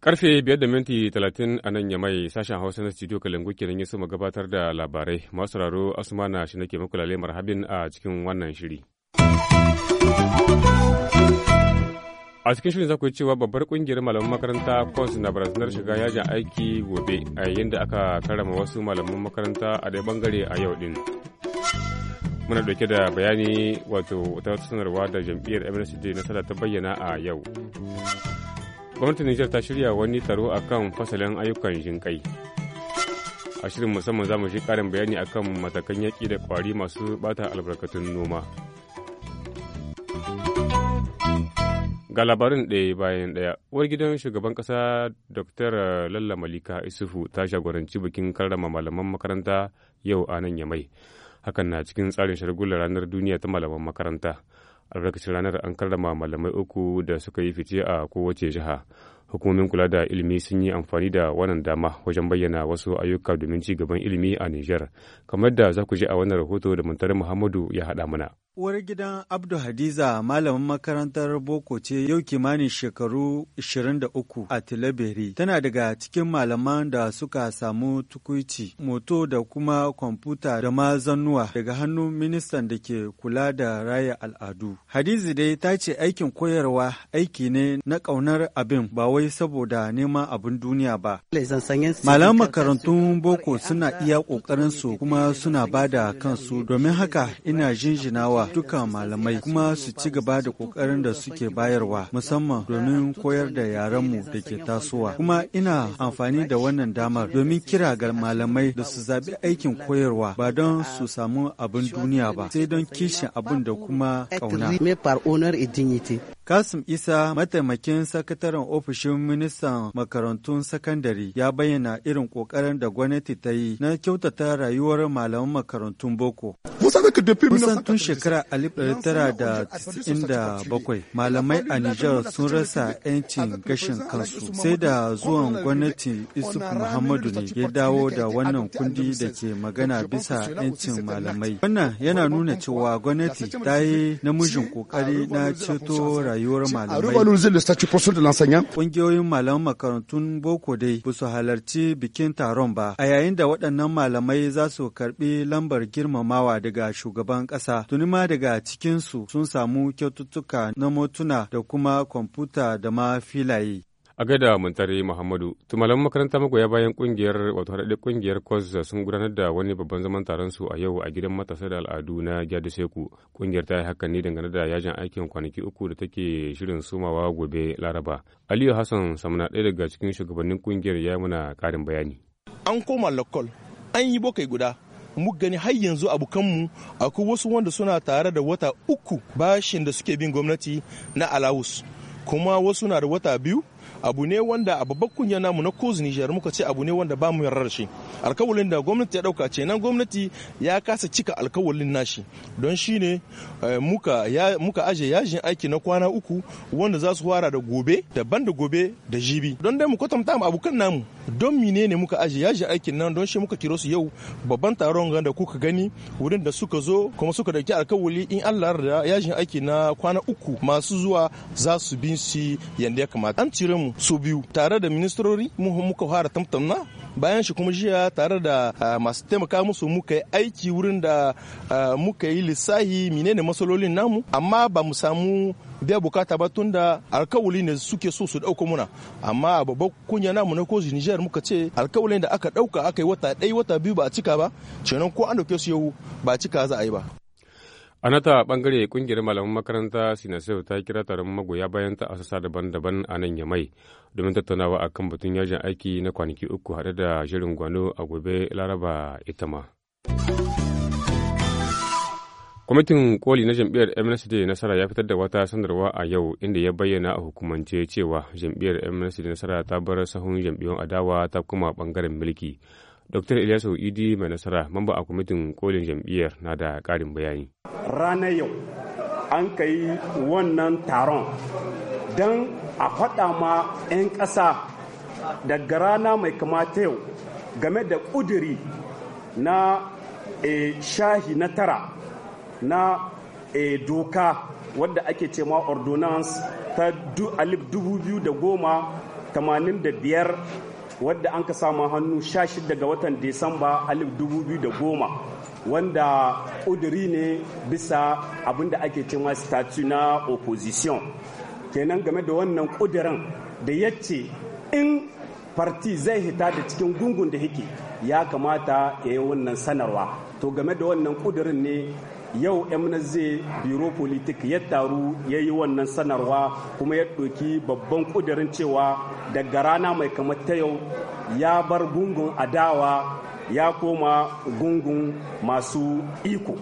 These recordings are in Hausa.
Karfe biyar da minti talatin a nan yamai sashen Hausa na studio Kalangu kenan ya soma gabatar da labarai. Masu Asuma Asmana shi nake muku lalemar habin a cikin wannan shiri. a cikin shirin za ku cewa babbar kungiyar malaman makaranta kwas na barazanar shiga yajin aiki gobe a yayin da aka karama wasu malaman makaranta a dai bangare a yau din muna dauke da bayani wato ta sanarwa da jam'iyyar mnsd nasara ta bayyana a yau gwamnatin nijar ta shirya wani taro a kan fasalin ayyukan jinƙai a shirin musamman za mu shi ƙarin bayani akan matakan yaƙi da kwari masu ɓata albarkatun noma Ga labarin ɗaya bayan ɗaya, uwar gidan shugaban ƙasa Dr. Lalla Malika Isufu ta shagoranci bikin karrama malaman makaranta yau a nan Yamai. Hakan na cikin tsarin shargular ranar duniya ta malaman makaranta. Albarkacin ranar an karrama malamai uku da suka yi fice a kowace jiha. Hukumomin kula da ilimi sun yi amfani da wannan dama wajen bayyana wasu ayyuka domin ci gaban ilimi a niger kamar da za ku ji a wannan rahoto da muntar Muhammadu ya haɗa mana. Uwar gidan Abdu Hadiza malamin makarantar Boko ce yau kimanin shekaru 23 a Tilaberi. Tana daga cikin malaman da suka samu tukuici, moto da kuma kwamfuta da ma zannuwa daga hannun ministan da ke kula da raya al'adu. Hadiza dai ta ce aikin koyarwa aiki ne na ƙaunar abin ba wai saboda neman abin duniya ba. Malaman makarantun Boko suna iya ƙoƙarinsu kuma suna ba da kansu domin haka ina jinjinawa wa duka malamai kuma su ci gaba da kokarin da suke bayarwa musamman domin koyar da yarenmu da ke tasowa kuma ina amfani da wannan damar domin kira ga malamai da su zaɓi aikin koyarwa ba don su samu abin duniya ba sai don kishin abin da kuma ƙauna. Kasim Isa mataimakin sakataren ofishin ministan makarantun sakandare ya bayyana irin ƙoƙarin da gwamnati ta yi na kyautata rayuwar malaman makarantun boko. Kusan tun shekara da bakwai malamai a Nijar sun rasa 'yancin gashin kansu sai da zuwan gwamnati Isuf Muhammadu ne ya dawo da wannan kundi da ke magana bisa 'yancin malamai. Wannan yana nuna cewa gwamnati ta yi namijin ƙoƙari na ceto rayuwar rayuwar malamai. Ƙungiyoyin malaman makarantun boko dai ba su halarci bikin taron ba, a yayin da waɗannan malamai za su karɓi lambar girmamawa daga shugaban ƙasa. Tuni ma daga cikinsu sun samu kyaututtuka na motuna da kuma kwamfuta da ma filaye. a gaida muntari muhammadu tumalan makaranta magoya bayan kungiyar wato haɗaɗɗe kungiyar kwazza sun gudanar da wani babban zaman taron su a yau a gidan matasa da al'adu na jadu seku kungiyar ta yi hakan ne dangane da yajin aikin kwanaki uku da take shirin sumawa gobe laraba aliyu hassan samna ɗaya daga cikin shugabannin kungiyar ya muna ƙarin bayani an koma lokol an yi bokai guda mu gani har yanzu abokanmu akwai wasu wanda suna tare da wata uku bashin da suke bin gwamnati na alawus kuma wasu na da wata biyu abu ne wanda a babbar kunya namu na kozu Nijar muka ce abu ne wanda ba mu yarda shi alkawalin da gwamnati ya dauka ce nan gwamnati ya kasa cika alkawalin nashi don shi ne eh, muka muka aje yajin aiki na kwana uku wanda za su fara da gobe daban da gobe da jibi don dai mu kwatanta mu abokan namu don mine ne muka aje yaji aikin nan don shi muka kiro su yau babban taron da kuka gani wurin da suka zo kuma suka dauki alkawali in Allah da yajin aiki na kwana uku masu zuwa za su bin su yanda ya kamata an cire mu su biyu tare da ministrori mu muka fara tamtamna bayan shi kuma jiya tare da masu taimaka musu muka yi aiki wurin da muka yi lissahi menene masalolin namu amma ba mu samu biya bukata ba tun da alkawali ne suke so su dauko muna amma a babban kunya namu na kozi Niger muka ce alkawalin da aka ɗauka aka yi wata ɗaya wata biyu ba a cika ba kenan ko an dauke su yau ba cika za a yi ba A nata bangare kungiyar malaman makaranta Sinasau ta kira taron magoya bayan ta asasa daban-daban a nan Yamai domin tattaunawa akan batun yajin aiki na kwanaki uku haɗe da shirin gwano a gobe Laraba ita ma. Kwamitin koli na jam'iyyar MNSD Nasara ya fitar da wata sanarwa a yau inda ya bayyana a hukumance cewa jam'iyyar MNSD Nasara ta bar sahun jam'iyyar adawa ta kuma bangaren mulki. Dr. Ilyasu Idi mai nasara mamba a kwamitin kolin jam'iyyar na da karin bayani. Ranar yau an ka yi wannan taron don a faɗa ma 'yan ƙasa daga rana mai kamata yau game da ƙuduri na e, shahi na tara na e, doka wadda ake ce ma ordonance ta alif dubu biyu da goma tamanin da biyar wadda an ka samu hannu 16 ga watan Disamba 2010 wanda ƙuduri ne bisa abin da ake cewa statu na opposition kenan game da wannan ƙudurin da ya ce in farti zai hita da cikin gungun da yake ya kamata ya yi wannan sanarwa to game da wannan ƙudurin ne yau mnz biro politik ya taru ya yi wannan sanarwa kuma ya ɗauki babban ƙudurin cewa daga rana mai kamar ta yau ya bar gungun adawa ya koma gungun masu iko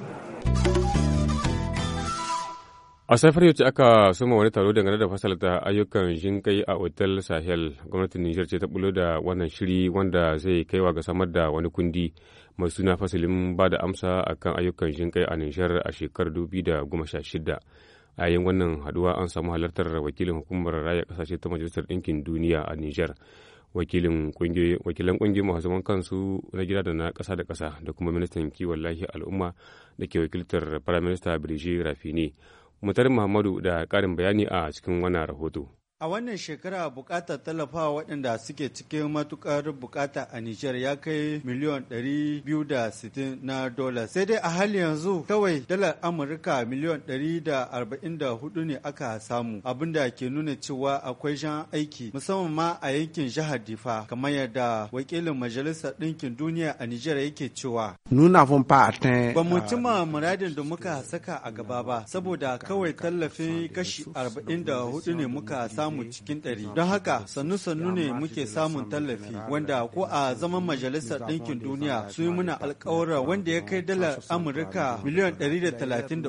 A safar yau ce aka suma wani taro dangane da fasalta ayyukan jinkai a otal Sahel. Gwamnatin Nijar ce ta bulo da wannan shiri wanda zai kaiwa ga samar da wani kundi mai suna fasilin ba da amsa a kan ayyukan jinƙai a Nijar a shekarar 2016. a yayin wannan haduwa an samu halartar wakilin hukumar raya kasashe ta majalisar ɗinkin duniya a nijar wakilan kungiyoyin masu zaman kansu na gida da na kasa da kasa da kuma ministan kiwon lafiyar al'umma da ke wakiltar firaminista birji rafini mutarin muhammadu da ƙarin bayani a cikin wannan rahoto A wannan shekara bukatar tallafawa waɗanda suke cikin matukar bukata a Nijar ya kai miliyon 260 na dola. Sai dai a hali yanzu kawai dalar Amurka miliyon 144 ne aka samu, abinda ke nuna cewa akwai jan aiki musamman ma a yankin jihar Difa, kamar yadda wakilin Majalisar Ɗinkin Duniya a Nijar yake cewa. Nuna fun fa'atan. Ba mu cima muradin da muka saka a gaba ba, saboda kawai tallafin kashi 44 ne muka samu. Eh, samu cikin ɗari. Don haka sannu-sannu ne muke samun tallafi wanda ko a zaman majalisar ɗinkin duniya su yi muna alkawara wanda ya kai dalar Amurka miliyan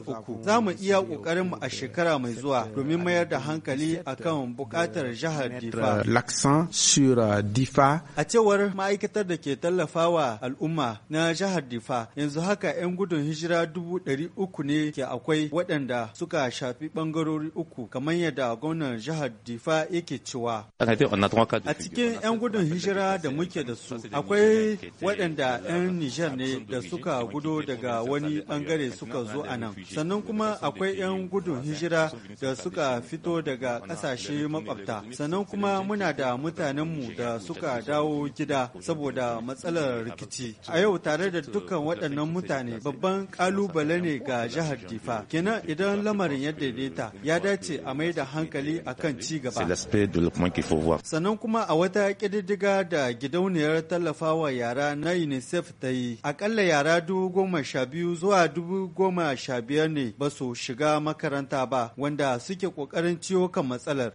uku Za mu iya e mu a shekara mai zuwa domin mayar da hankali a kan buƙatar jihar eh, eh, Difa. A cewar ma'aikatar da ke tallafawa al'umma na jihar Difa yanzu haka 'yan gudun hijira dubu ɗari uku ne ke akwai waɗanda suka shafi ɓangarori uku kamar yadda gwamnan jihar difa yake cewa a cikin 'yan gudun hijira da muke da su akwai waɗanda 'yan nijar ne da suka gudo daga wani bangare suka zo a nan sannan kuma akwai 'yan gudun hijira da suka fito daga ƙasashe makwabta sannan kuma muna da mutanenmu da suka dawo gida saboda matsalar rikici a yau tare da dukkan waɗannan mutane babban ƙalubale ne ga jihar difa kenan idan lamarin ya daidaita ya dace a mai da hankali akan ci sanan Sannan kuma a wata ƙididdiga da gidauniyar tallafawa yara na UNICEF ta yi, akalla yara dubu goma sha biyu zuwa dubu goma sha biyar ne ba su shiga makaranta ba, wanda suke ƙoƙarin ciwo kan matsalar.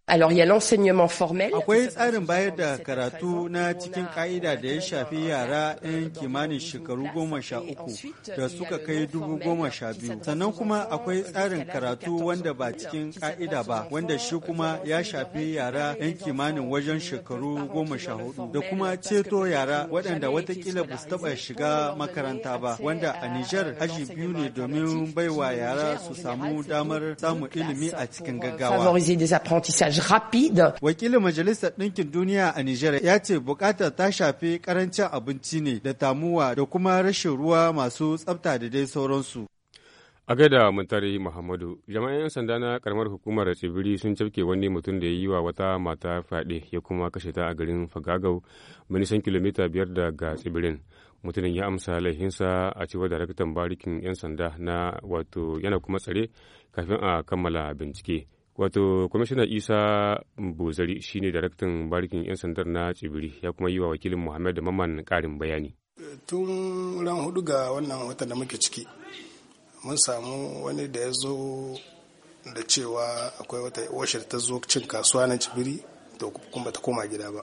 Akwai tsarin bayar da karatu na cikin ka'ida da ya shafi yara 'yan kimanin shekaru goma sha uku da suka kai dubu goma sha biyu. Sannan kuma akwai tsarin karatu wanda ba cikin ƙa'ida ba, wanda shi kuma ya shafi shafi yara 'yan kimanin wajen shekaru goma sha hudu da kuma ceto yara waɗanda watakila ba su taɓa shiga makaranta ba wanda a Nijar aji biyu ne domin baiwa yara su samu damar samun ilimi a cikin gaggawa. Wakilin Majalisar Ɗinkin Duniya a Nijar ya ce bukatar ta shafi karancin abinci ne da tamuwa da kuma rashin ruwa masu tsabta da dai sauransu. A gaida mutare Muhammadu, jami'an 'yan sanda na karamar hukumar tsibiri sun cafke wani mutum da ya yi wa wata mata fyaɗe ya kuma kashe ta a garin Fagagau, nisan kilomita biyar daga tsibirin. Mutumin ya amsa laifinsa a cewar daraktan barikin 'yan sanda na wato yana kuma tsare kafin a kammala bincike. Wato, kwamishinan Isa Bozari shine daraktan barikin 'yan sandar na tsibiri ya kuma yi wa wakilin Muhammad Maman ƙarin bayani. Tun ran hudu ga wannan watan da muke ciki, mun samu wani da ya zo da cewa akwai wata washar ta zo cin kasuwa na cibiri to kuma ta koma gida ba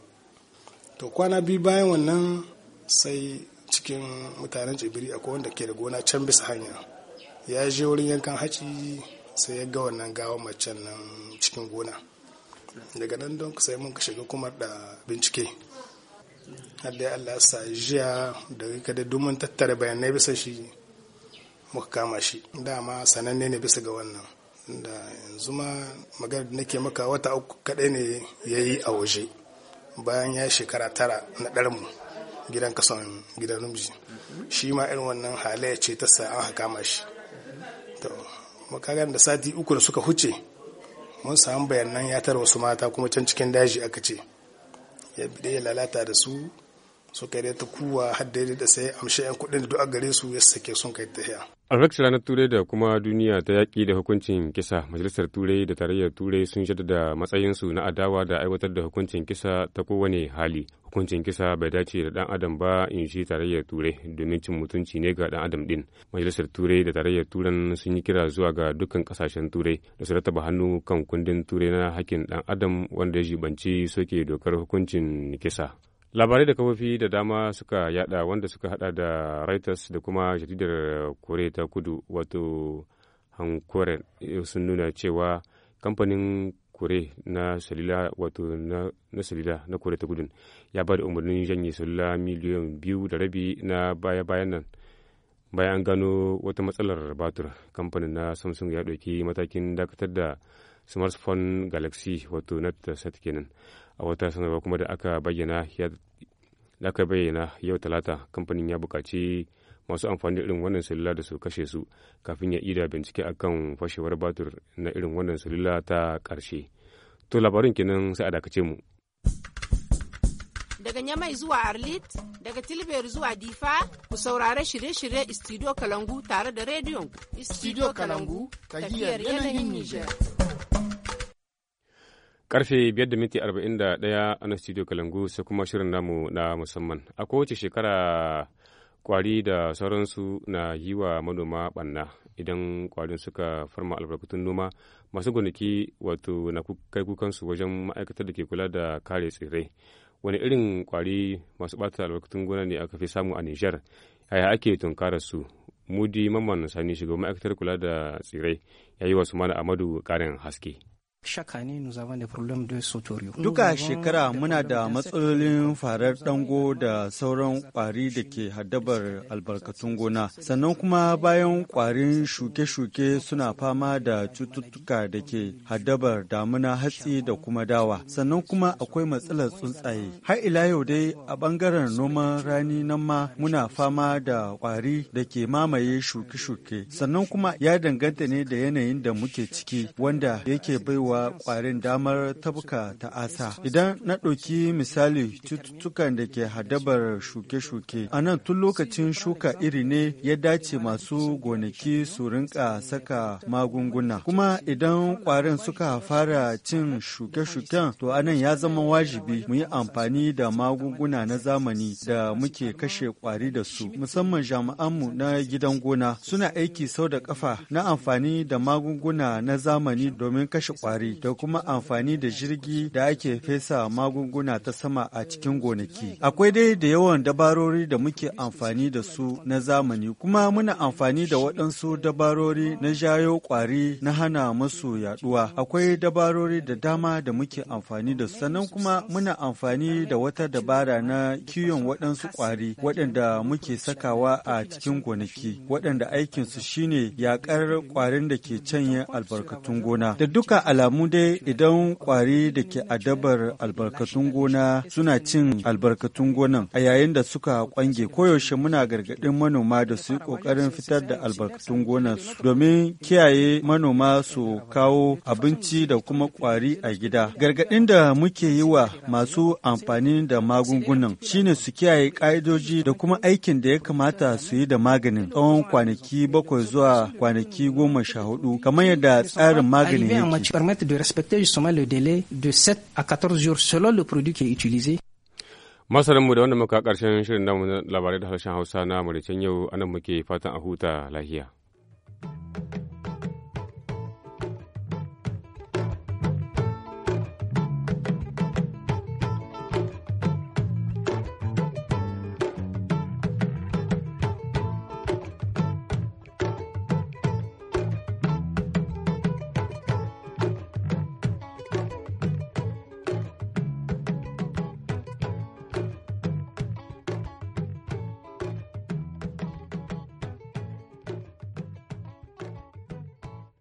to kwana biyu bayan wannan sai cikin mutanen cibiri akwai wanda ke da gona can bisa hanya ya je wurin yankan haci sai ya ga wannan gawa macen nan cikin gona daga nan don sai mun ka shiga kuma da bincike hadda ya allah sa jiya da kada mun tattara bayanai bisa shi muka kama shi dama sananne ne bisa ga wannan da yanzu ma magana da nake maka wata uku kaɗai ne ya yi a waje bayan ya shekara tara na ɗarmu gidan kasan gidan rumji shi ma irin wannan halayya ce ta sa an kama shi to makagan da sati uku da suka huce mun samu bayanan ya tara wasu mata kuma can cikin daji aka ce ya bide ya lalata da su su kai da ta kuwa haddai da sai amshe yan kuɗin da duk a gare su ya sake sun kai ta a ranar turai da kuma duniya ta yaƙi da hukuncin kisa majalisar turai da tarayyar turai sun jaddada matsayinsu na adawa da aiwatar da hukuncin kisa ta kowane hali hukuncin kisa bai dace da dan adam ba in shi tarayyar turai domin cin mutunci ne ga dan adam din majalisar turai da tarayyar turan sun yi kira zuwa ga dukkan kasashen turai da su rataba hannu kan kundin turai na hakkin dan adam wanda ya jibanci soke dokar hukuncin kisa labarai da kafofi da dama suka yada wanda suka hada da reuters da kuma jaridar kore ta kudu wato hankoren sun nuna cewa kamfanin kore na salila wato na salila na kore ta gudun ya ba da umarnin janye salila miliyan biyu da rabi na baya bayan nan bayan an gano wata matsalar batur kamfanin na samsung ya ɗauki matakin dakatar da smartphone galaxy wato na set kenan a wata sanarwa kuma da aka bayyana da aka bayyana yau talata kamfanin ya bukaci masu amfani da irin wannan salula da su kashe su kafin ya ida bincike akan fashewar batur na irin wannan salula ta karshe to labarin kenan sai a dakace mu daga Nyamai zuwa Arlit, daga Tilber zuwa Difa, ku saurare shirye-shirye Studio Kalangu tare da rediyon Studio Kalangu, tafiyar yanayin Nijar. Karfe biyar da minti arba'in da ɗaya a na studio Kalangu sai kuma shirin namu na musamman. A kowace shekara kwari da sauransu na yi wa manoma ɓanna idan kwarin suka farma albarkatun noma masu gonaki wato na kai kukansu wajen ma'aikatar da ke kula da kare tsirrai wani irin kwari masu ɓata albarkatun gona ne aka fi samu a nijar yaya ake tunkara su mudi mamman sani shiga ma'aikatar kula da tsirrai ya yi wasu mana amadu ƙarin haske Duka shekara muna da matsalolin farar dango da sauran kwari da ke haddabar albarkatun gona. Sannan kuma bayan kwarin shuke-shuke suna fama da cututtuka da ke haddabar damuna hatsi da kuma dawa. Sannan kuma akwai matsalar tsuntsaye. Har ila yau dai a bangaren noman rani nan ma muna fama da kwari da ke mamaye shuke-shuke. Sannan kuma ya danganta ne da yanayin da muke ciki wanda yake baiwa wa kwarin damar ta Asa. Idan na ɗauki misali cututtukan da ke hadabar shuke-shuke, a nan tun lokacin shuka iri ne ya dace masu gonaki su rinka saka magunguna. Kuma idan kwarin suka fara cin shuke-shuken, to anan ya zama wajibi mu yi amfani da magunguna na zamani da muke kashe kwari da su. Musamman jami'anmu na gidan gona suna aiki sau da kafa na amfani da magunguna na zamani domin kashe kwari. da kuma amfani da jirgi da ake fesa magunguna ta sama a cikin gonaki. Akwai dai da yawan dabarori da muke amfani da su na zamani kuma muna amfani da waɗansu dabarori na jayo ƙwari na hana masu yaɗuwa. Akwai dabarori da dama da muke amfani da su sannan kuma muna amfani da wata dabara na kiwon waɗansu ƙwari, waɗanda muke sakawa a cikin gonaki waɗanda aikinsu shine yaƙar ƙwarin da ke canye albarkatun gona. Da duka alamu mu dai idan kwari da ke adabar albarkatun gona suna cin albarkatun gonan a yayin da suka kwange koyaushe muna gargaɗin manoma da su ƙoƙarin fitar da albarkatun gona su domin kiyaye manoma su kawo abinci da kuma kwari a gida. Gargaɗin da muke yi wa masu amfani da magungunan shine su kiyaye ƙa'idoji da kuma aikin da ya kamata su yi da maganin tsawon kwanaki bakwai zuwa kwanaki goma sha hudu kamar yadda tsarin maganin yake. de respecter justement le délai de 7 à 14 jours selon le produit qui est utilisé.